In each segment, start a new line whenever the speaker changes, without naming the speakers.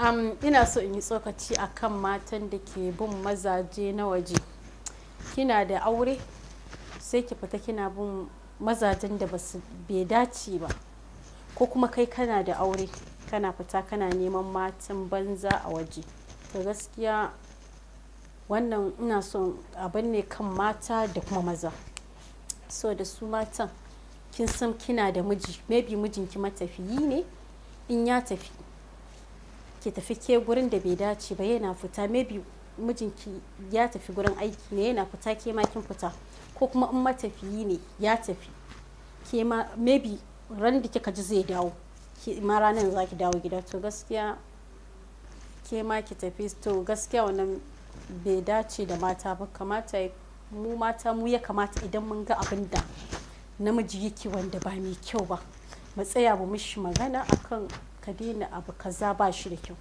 um, ina so in yi tsokaci a kan matan da ke bin mazaje na waje kina da aure sai ki fita kina bin mazajen da basu bai dace ba ko kuma kai kana da aure kana fita kana neman matan banza a waje to gaskiya wannan ina so abin ne kan mata da kuma maza so da su matan kin san kina da miji maybe mijinki matafiyi ne in ya tafi ki tafi ke gurin da bai dace ba yana fita maybe mijinki ya tafi gurin aiki ne yana fita ke ma kin fita ko kuma in matafiyi ne ya tafi ke ma maybe ran da kika ji zai dawo ki ma ranar za ki dawo gida to gaskiya ke ma ki tafi to gaskiya wannan bai dace da mata ba kamata mu mata mu ya kamata idan mun ga abin da namiji yake wanda ba mai kyau ba mu tsaya mu mishi magana akan ka daina abu kaza ba shi da kyau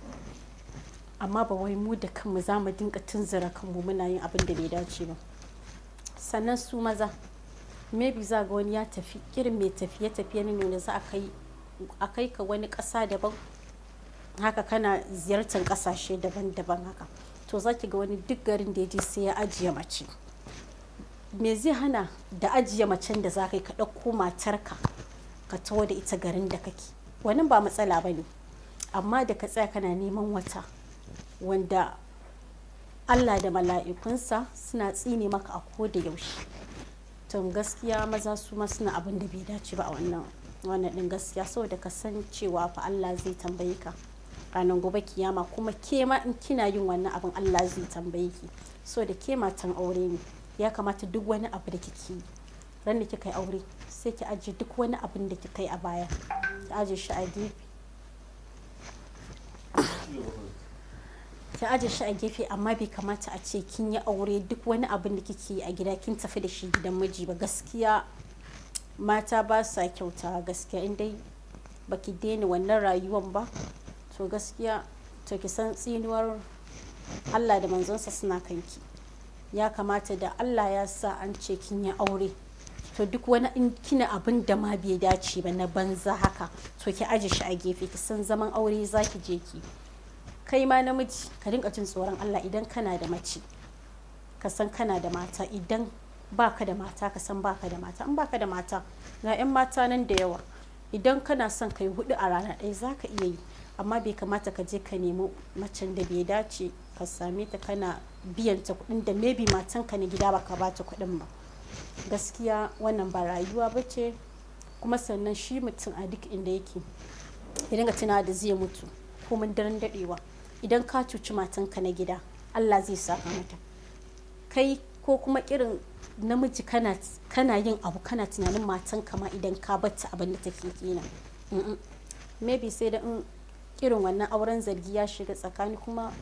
amma ba wai mu da kanmu za mu dinga tunzura kanmu muna yin abin da bai dace ba sannan su maza maybe za ga wani ya tafi irin mai tafiye tafiye ne nuna za a kai ka wani kasa daban haka kana ziyartar kasashe daban-daban haka to za ki ga wani duk garin da ya je sai ya ajiye mace me zai hana da ajiye macen da za ka yi ka ɗauko matarka ka tawo da ita garin da kake wannan ba matsala ba ne amma da ka tsaya kana neman wata wanda allah da mala'ikunsa suna tsine maka a ko da yaushe tun gaskiya maza su ma suna abin da bai dace ba a wannan wannan din gaskiya saboda ka san cewa fa allah zai tambaye ka ranar gobe kiyama kuma ke ma in kina yin wannan abin allah zai tambaye ki saboda da ke aure ne ya kamata duk wani abu da kike yi ran da kika yi aure sai ki ajiye duk wani abin da kika yi a baya aji shi ki aje shi a gefe amma bai kamata a ce kin yi aure duk wani abin da kike yi a gida kin tafi da shi gidan miji ba gaskiya mata ba sa kyauta gaskiya in dai baki daina wannan rayuwan ba to gaskiya to ki san tsinuwar Allah da manzonsa suna kanki ya kamata da Allah ya sa an ce kin yi aure to duk wani in kina abin da ma bai dace ba na banza haka to ki aje shi a gefe ki san zaman aure za ki je ki kai ma namiji ka dinka jin tsoron Allah idan kana da mace ka san kana da mata idan baka da mata ka san baka da mata in baka da mata ga 'yan mata nan da yawa idan kana son kai hudu a rana ɗaya za ka iya yi amma bai kamata ka je ka nemi macen da bai dace ka same ta kana biyan ta kuɗin da maybe matanka na gida baka bata kuɗin ba gaskiya wannan ba rayuwa ba ce kuma sannan shi mutum a duk inda yake idan dinga tuna da zai mutu komin daren dadewa idan ka cuci matanka na gida allah zai saka mata kai ko kuma irin namiji kana yin abu kana tunanin matan ma idan ka batta abin da take kina maybe sai da in irin wannan auren zargi ya shiga tsakani kuma